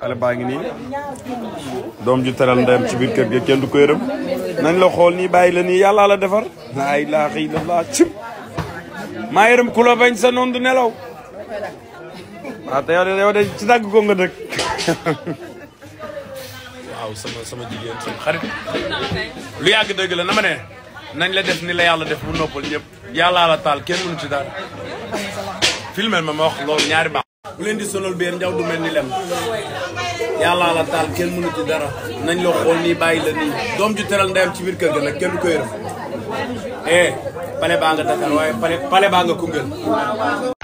xale baa ngi nii doom ju teral ndeyam ci biir kër gi kenn du ko yërëm la xool nii bàyyi la ni yàlla la defar laa ilaaha illallaah cim maa yërëm ku la bañ sa noon du nelaw waaw ci dàgg ko nga dëkk sama jigéen sama yàgg dëgg la na ma ne nañ la def ni la yàlla def bu noppal ñëpp yàllaa la taal kenn mënu ci dara filmel ma ma wax loolu ñaari baax bu leen di sonal biir njaw du mel ni lem yàllaa la taal kenn mënu dara nañ la xool nii bàyyi la nii doom ju teral ndeyam ci biir kër ga nag kenn du ko yërëm eh pale baa nga Dakar waaye pale baa nga Koungheul